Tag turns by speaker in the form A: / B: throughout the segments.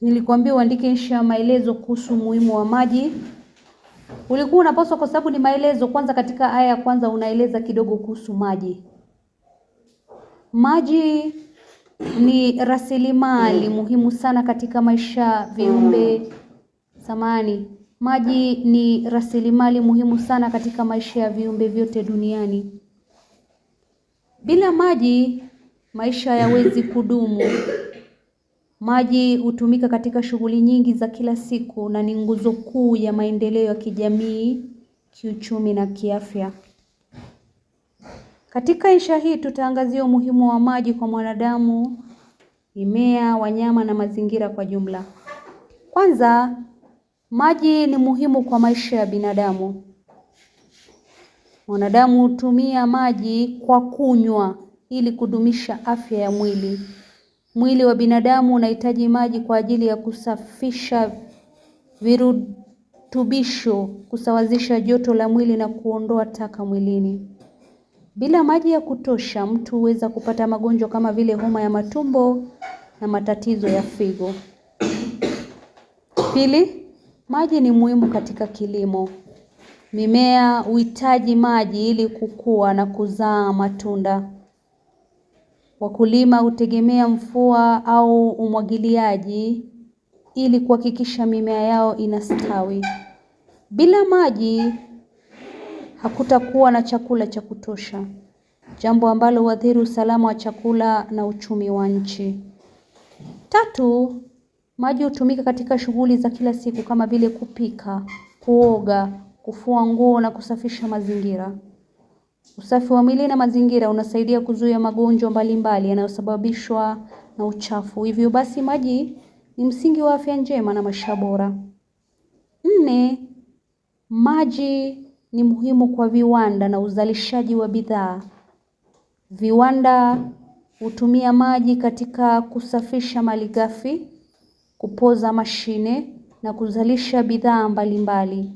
A: Nilikwambia uandike insha ya maelezo kuhusu umuhimu wa maji. Ulikuwa unapaswa kwa sababu ni maelezo. Kwanza katika aya ya kwanza unaeleza kidogo kuhusu maji. Maji ni rasilimali muhimu sana katika maisha viumbe samani. Maji ni rasilimali muhimu sana katika maisha ya viumbe vyote duniani. Bila maji maisha hayawezi kudumu. Maji hutumika katika shughuli nyingi za kila siku na ni nguzo kuu ya maendeleo ya kijamii, kiuchumi na kiafya. Katika insha hii tutaangazia umuhimu wa maji kwa mwanadamu, mimea, wanyama na mazingira kwa jumla. Kwanza, maji ni muhimu kwa maisha ya binadamu. Mwanadamu hutumia maji kwa kunywa ili kudumisha afya ya mwili. Mwili wa binadamu unahitaji maji kwa ajili ya kusafisha virutubisho, kusawazisha joto la mwili na kuondoa taka mwilini. Bila maji ya kutosha, mtu huweza kupata magonjwa kama vile homa ya matumbo na matatizo ya figo. Pili, maji ni muhimu katika kilimo. Mimea huhitaji maji ili kukua na kuzaa matunda. Wakulima hutegemea mvua au umwagiliaji ili kuhakikisha mimea yao inastawi. Bila maji hakutakuwa na chakula cha kutosha, jambo ambalo huathiri usalama wa chakula na uchumi wa nchi. Tatu, maji hutumika katika shughuli za kila siku kama vile kupika, kuoga, kufua nguo na kusafisha mazingira. Usafi wa mwili na mazingira unasaidia kuzuia magonjwa mbalimbali yanayosababishwa na uchafu. Hivyo basi maji ni msingi wa afya njema na maisha bora. Nne, maji ni muhimu kwa viwanda na uzalishaji wa bidhaa. Viwanda hutumia maji katika kusafisha malighafi, kupoza mashine na kuzalisha bidhaa mbalimbali.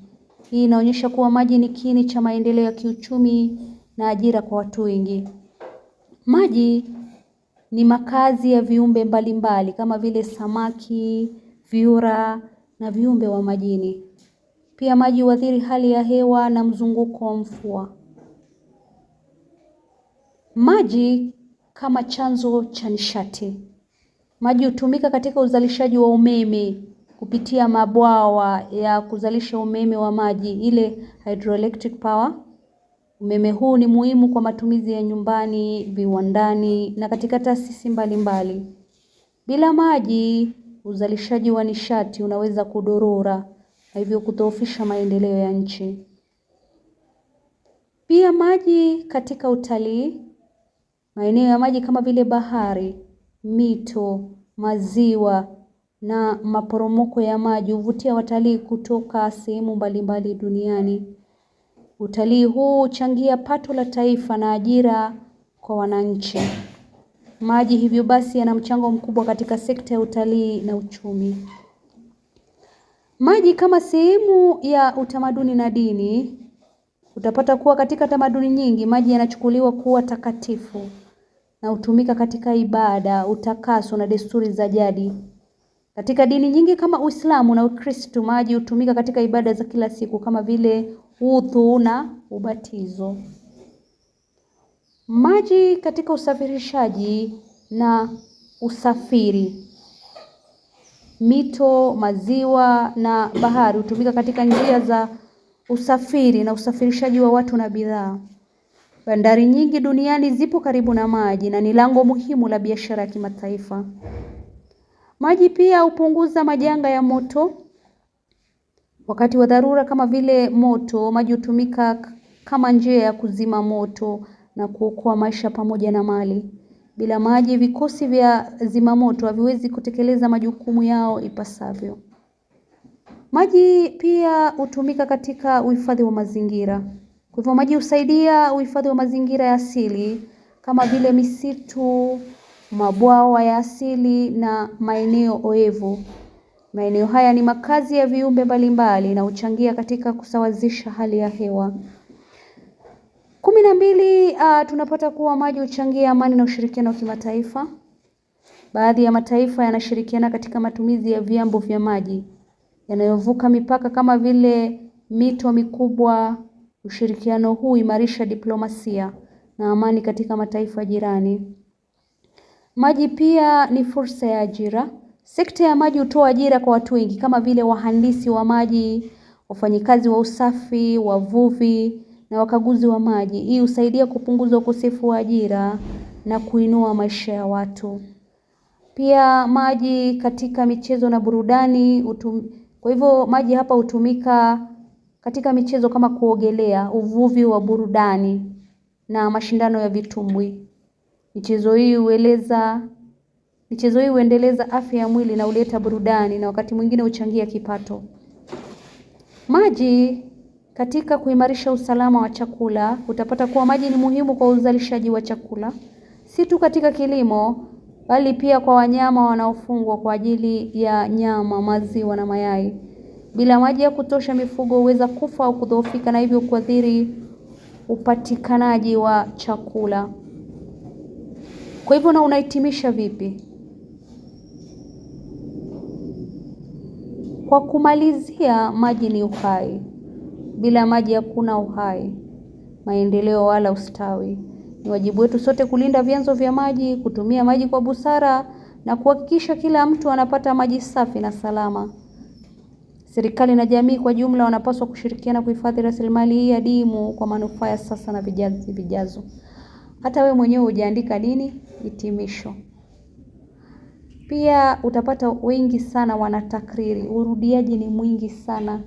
A: Hii inaonyesha kuwa maji ni kiini cha maendeleo ya kiuchumi na ajira kwa watu wengi. Maji ni makazi ya viumbe mbalimbali kama vile samaki, vyura na viumbe wa majini. Pia maji huathiri hali ya hewa na mzunguko wa mvua. Maji kama chanzo cha nishati. Maji hutumika katika uzalishaji wa umeme kupitia mabwawa ya kuzalisha umeme wa maji ile hydroelectric power Umeme huu ni muhimu kwa matumizi ya nyumbani, viwandani na katika taasisi mbalimbali. Bila maji, uzalishaji wa nishati unaweza kudorora na hivyo kudhoofisha maendeleo ya nchi. Pia maji katika utalii, maeneo ya maji kama vile bahari, mito, maziwa na maporomoko ya maji huvutia watalii kutoka sehemu mbalimbali duniani. Utalii huu huchangia pato la taifa na ajira kwa wananchi. Maji hivyo basi yana mchango mkubwa katika sekta ya utalii na uchumi. Maji kama sehemu ya utamaduni na dini, utapata kuwa katika tamaduni nyingi maji yanachukuliwa kuwa takatifu na hutumika katika ibada, utakaso na desturi za jadi. Katika dini nyingi kama Uislamu na Ukristo maji hutumika katika ibada za kila siku kama vile udhu na ubatizo. Maji katika usafirishaji na usafiri. Mito, maziwa na bahari hutumika katika njia za usafiri na usafirishaji wa watu na bidhaa. Bandari nyingi duniani zipo karibu na maji na ni lango muhimu la biashara ya kimataifa. Maji pia hupunguza majanga ya moto, Wakati wa dharura kama vile moto, maji hutumika kama njia ya kuzima moto na kuokoa maisha pamoja na mali. Bila maji, vikosi vya zimamoto haviwezi kutekeleza majukumu yao ipasavyo. Maji pia hutumika katika uhifadhi wa mazingira. Kwa hivyo maji husaidia uhifadhi wa mazingira ya asili kama vile misitu, mabwawa ya asili na maeneo oevu. Maeneo haya ni makazi ya viumbe mbalimbali na huchangia katika kusawazisha hali ya hewa. Kumi na mbili, uh, ah, tunapata kuwa maji huchangia amani na ushirikiano wa kimataifa. Baadhi ya mataifa yanashirikiana katika matumizi ya vyombo vya maji yanayovuka mipaka kama vile mito mikubwa. Ushirikiano huu huimarisha diplomasia na amani katika mataifa jirani. Maji pia ni fursa ya ajira. Sekta ya maji hutoa ajira kwa watu wengi kama vile wahandisi wa maji, wafanyikazi wa usafi, wavuvi na wakaguzi wa maji. Hii husaidia kupunguza ukosefu wa ajira na kuinua maisha ya watu. Pia maji katika michezo na burudani utum... kwa hivyo maji hapa hutumika katika michezo kama kuogelea, uvuvi wa burudani na mashindano ya vitumbwi. Michezo hii hueleza Michezo hii huendeleza afya ya mwili na huleta burudani na wakati mwingine huchangia kipato. Maji katika kuimarisha usalama wa chakula, utapata kuwa maji ni muhimu kwa uzalishaji wa chakula, si tu katika kilimo, bali pia kwa wanyama wanaofungwa kwa ajili ya nyama, maziwa na mayai. Bila maji ya kutosha mifugo huweza kufa au kudhoofika na hivyo kuathiri upatikanaji wa chakula. Kwa hivyo na unahitimisha vipi? Kwa kumalizia, maji ni uhai. Bila maji hakuna uhai, maendeleo wala ustawi. Ni wajibu wetu sote kulinda vyanzo vya maji, kutumia maji kwa busara na kuhakikisha kila mtu anapata maji safi na salama. Serikali na jamii kwa jumla wanapaswa kushirikiana kuhifadhi rasilimali hii adimu kwa manufaa ya sasa na vijazo. Hata wewe mwenyewe hujaandika nini hitimisho. Pia utapata wengi sana wanatakriri, urudiaji ni mwingi sana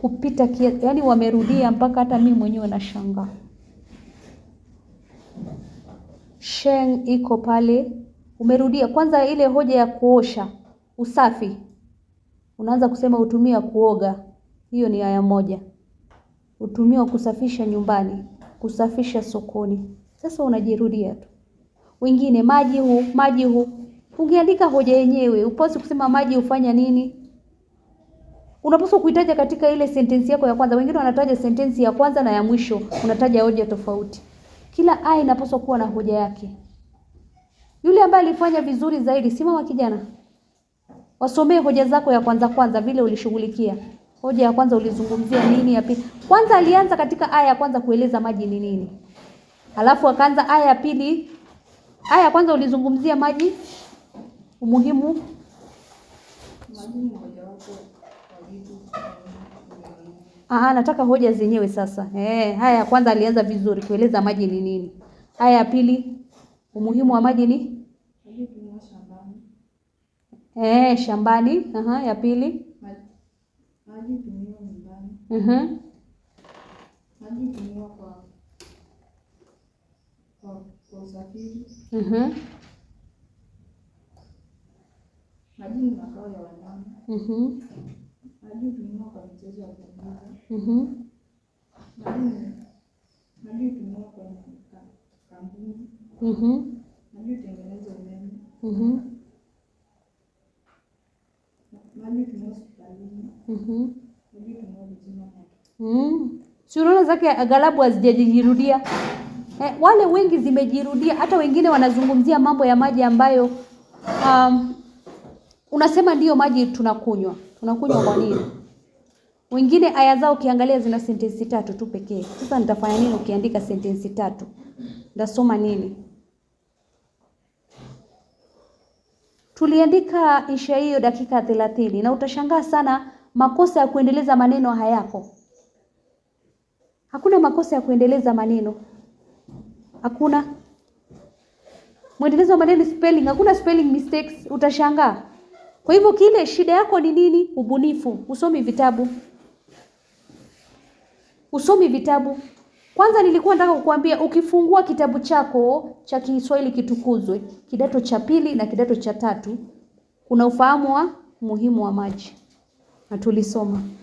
A: kupita kiasi, yani wamerudia mpaka hata mimi mwenyewe nashangaa. Sheng iko pale, umerudia kwanza ile hoja ya kuosha usafi, unaanza kusema utumia kuoga, hiyo ni aya moja. Utumia wa kusafisha nyumbani, kusafisha sokoni. Sasa unajirudia tu, wengine maji huu, maji huu ungeandika hoja yenyewe, upasi kusema maji ufanya nini. Unapaswa kuitaja katika ile sentensi yako ya kwanza. Wengine wanataja sentensi ya kwanza na ya mwisho, unataja hoja tofauti. Kila aya inapaswa kuwa na hoja yake. Yule ambaye alifanya vizuri zaidi, simama kijana, wasomee hoja zako ya kwanza kwanza, vile ulishughulikia hoja ya kwanza ulizungumzia nini? Ya pili kwanza, alianza katika aya ya kwanza kueleza maji ni nini, alafu akaanza aya ya pili. Aya ya kwanza ulizungumzia maji umuhimu Aha, nataka hoja zenyewe sasa. Eh, haya ya kwanza alianza vizuri kueleza maji ni nini. Haya ya pili umuhimu wa maji ni shambani. Eh, shambani. Aha, ya pili maji nyumbani. Maji mhm. kwa kwa Majini ni makao ya wanyama. Mhm. hutumiwa kwa michezo ya Mhm. Majini. hutumiwa kwa kampuni. Mhm. hutengeneza umeme. Mhm. mhm. mhm. zake aghalabu hazijajirudia. Eh, wale wengi zimejirudia, hata wengine wanazungumzia mambo ya maji ambayo um, Unasema ndiyo maji tunakunywa. Tunakunywa kwa nini? Wengine aya zao ukiangalia zina sentensi tatu tu pekee. Sasa nitafanya nini ukiandika sentensi tatu? Ndasoma nini? Tuliandika insha hiyo dakika thelathini na utashangaa sana makosa ya kuendeleza maneno hayako. Hakuna makosa ya kuendeleza maneno. Hakuna. Mwendelezo wa maneno spelling, hakuna spelling mistakes utashangaa. Kwa hivyo kile shida yako ni nini? Ubunifu. Usomi vitabu, usomi vitabu. Kwanza nilikuwa nataka kukuambia ukifungua kitabu chako cha Kiswahili kitukuzwe kidato cha pili na kidato cha tatu, kuna ufahamu wa muhimu wa maji na tulisoma.